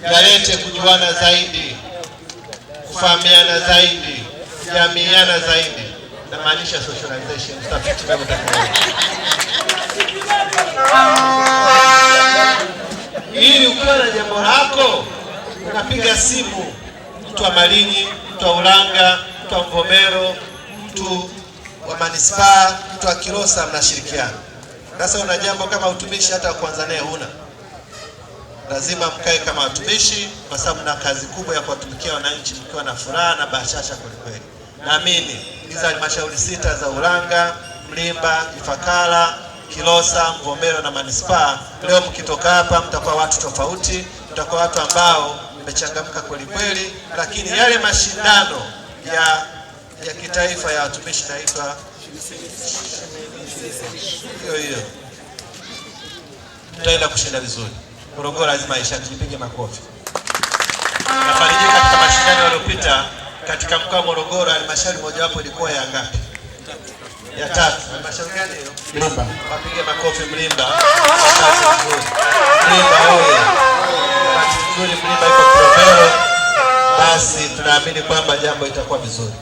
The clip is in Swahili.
ya yalete kujuana zaidi, kufahamiana zaidi, kujamiana zaidi, namaanisha socialization ili ukiwa na jambo lako unapiga simu mtu wa Malinyi, mtu wa Ulanga, mtu wa Mvomero, mtu wa manispaa, mtu wa Kilosa, mnashirikiana. Sasa una jambo kama utumishi hata kwanza naye huna lazima mkae kama watumishi, kwa sababu na kazi kubwa ya kuwatumikia wananchi mkiwa na furaha na bashasha kwelikweli. Naamini hizi halmashauri sita za Ulanga, Mlimba, Ifakara, Kilosa, Mvomero na manispaa, leo mkitoka hapa mtakuwa watu tofauti, mtakuwa watu ambao mmechangamka kwelikweli, lakini yale mashindano ya, ya kitaifa ya watumishi naitwa hiyo hiyo, mtaenda kushinda vizuri. Morogoro lazima Aisha tupige makofi. Nafarijika katika mashindano yaliyopita katika mkoa wa Morogoro, halmashauri mojawapo ilikuwa ya ngapi? Ya tatu. Halmashauri gani hiyo? Mlimba. Wapige makofi Mlimba. Mlimba oye. Oh Mlimba iko Kilombero. Basi tunaamini kwamba jambo itakuwa vizuri.